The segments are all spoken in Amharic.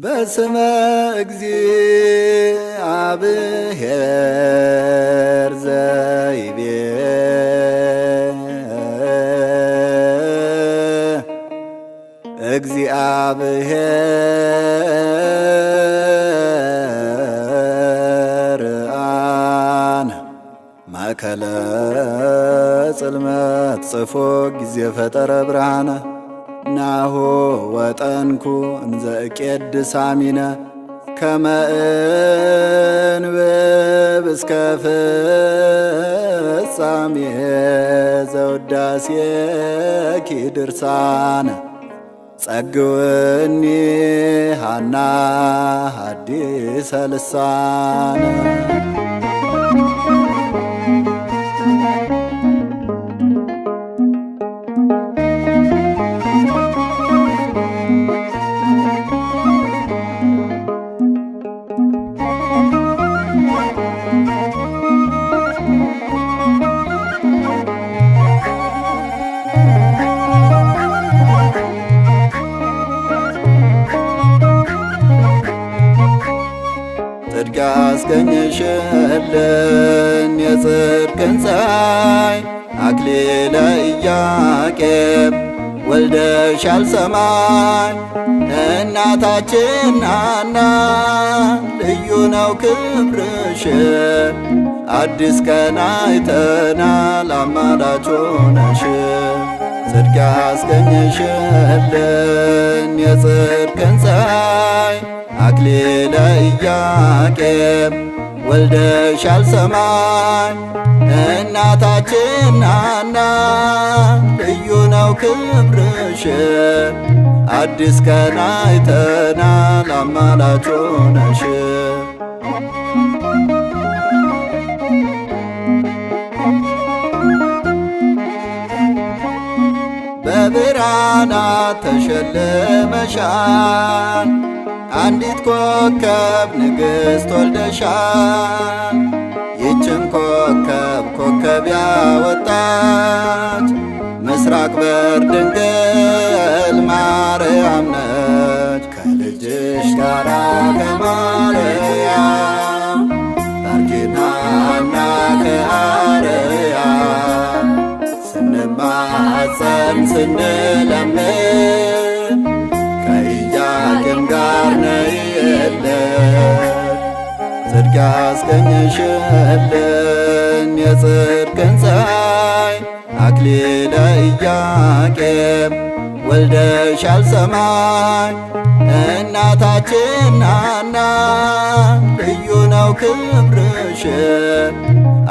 በስመ እግዚአብሔር ዘይቤ እግዚአብሔር አነ ማእከለ ጽልመት ጽፎ ጊዜ ፈጠረ ብርሃነ ናሆ ወጠንኩ እንዘ ሳሚነ! ከመ እንብብ እስከ ፍጻሜ ዘውዳሴኪ ድርሳነ ጸግውኒ ሃና ሀዲሰ ልሳነ አስገኘሽልን የጽድቅን ፀሐይ አክሊለ ኢያቄም ወልደሻል ሰማይ እናታችን ሐና ልዩ ነው ክብርሽ አዲስ ቀን አይተናል አማላጅ ጽድቅ ያስገኘሽልን የጽድቅን ፀሐይ አክሊለ ኢያቄም ወልደሻል ሰማይ እናታችን ሐና ልዩ ነው ክብርሽ አዲስ ቀን አይተናል አማላጅ ሆነሽ በቃና ተሸልመሻል፣ አንዲት ኮከብ ንግሥት ወልደሻል። ይችን ኮከብ ኮከብ ያወጣች ምስራቅ በር ድንግል ማርያም ነች ከልጅሽ ጋራ ከማ ቀደም ስንለምን ከኢያቄም ጋር ነይ የለን ጽድቅ ያስገኘሽልን የጽድቅን ፀይ አክሊለ ኢያቄም ወልደሻል ሰማይ እናታችን ሐና ልዩ ነው ክብርሽ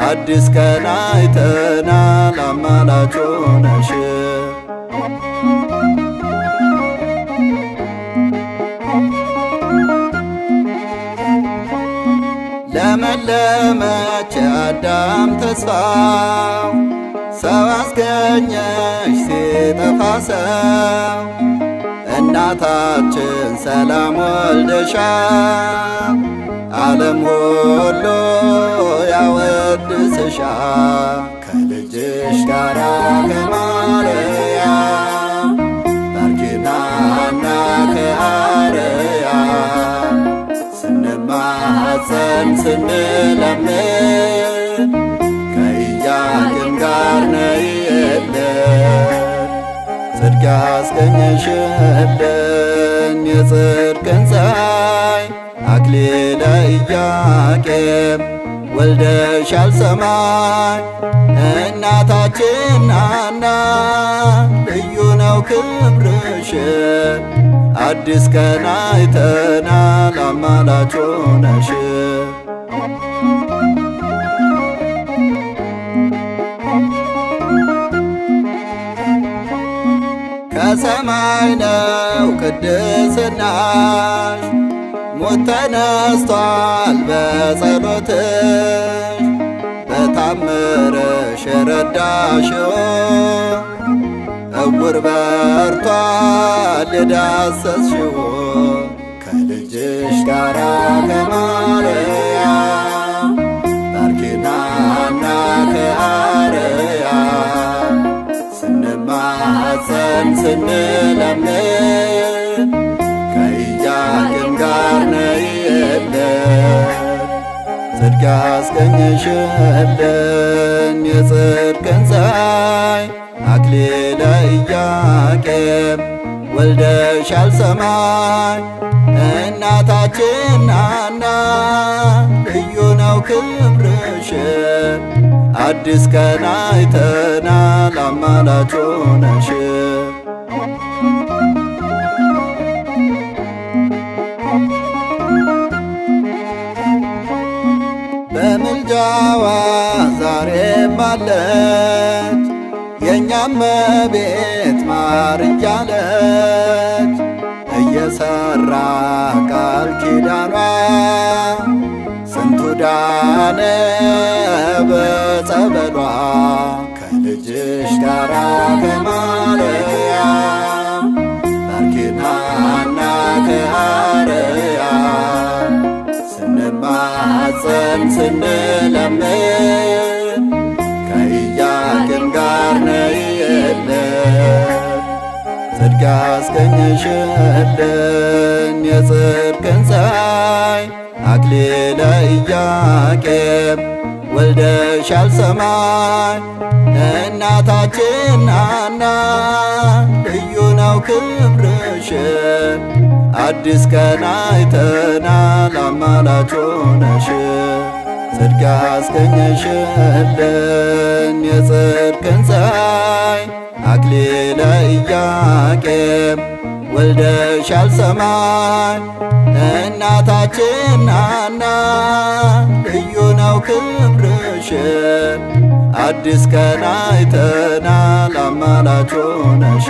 አዲስ ቀን አይተናል አማላጅ ሆነሽ ለመለመች አዳም ተስፋ ሰው አስገኘሽ ሲጠፋ ሰው እናታችን ሰላም ወልደሻል ዓለም ሁሉ ያወድስሻል ከልጅሽ ጋር ገማ ፈጽም ስንለምን ከኢያቄም ጋር ነይልን ጽድቅ ያስገኘሽልን የጽድቅን ፀሐይ አክሊለ ኢያቄም ወልደሻል ሰማይ እናታችን ሐና ልዩ ነው ክብርሽ አዲስ ቀን አይተናል አማላች ሆነሽ ከሰማይ ነው ቅድስናሽ ከሙት ተነስቷል በጸሎትሽ በታምረሽ የረዳሽው እውር በርቷል የዳሰስሽው ከልጅሽ ጋራ ከማርያም ባርኪናና ከአርያም ስንማፀን ስንለምን ያስገኘሽልን የጽድቅን ፀሐይ አክሊለ ኢያቄም ወልደሻል ሰማይ እናታችን ሐና ልዩ ነው ክብርሽ አዲስ ቀን አይተናል አማላጅ ሆነሽ ሥራዋ ዛሬም አለች የእኛም ቤት ማር እያለች ቃል ኪዳኗ ስንቱ ዳነ በጸበሏ ከልጅሽ ጋራ ከማርያም ከአርያም ስንማፀን ስንለምን ከኢያቄም ጋር ነይ ነየለ ጽድቅ ያስገኝሽልን የጽድቅን ፀሐይ አክሊለ ኢያቄም ወልደሻል ሰማይ እናታችን አና ነው ክብርሽ አዲስ ቀን አይተናል አማላች ሆነሽ ጽድቅ አስገኘሽልን የጽድቅን ፀይ አክሊለ ኢያቄም ወልደሻል ሰማይ እናታችን ሐና ልዩ ነው ክብርሽ አዲስ ቀን አይተናል አማላች ሆነሽ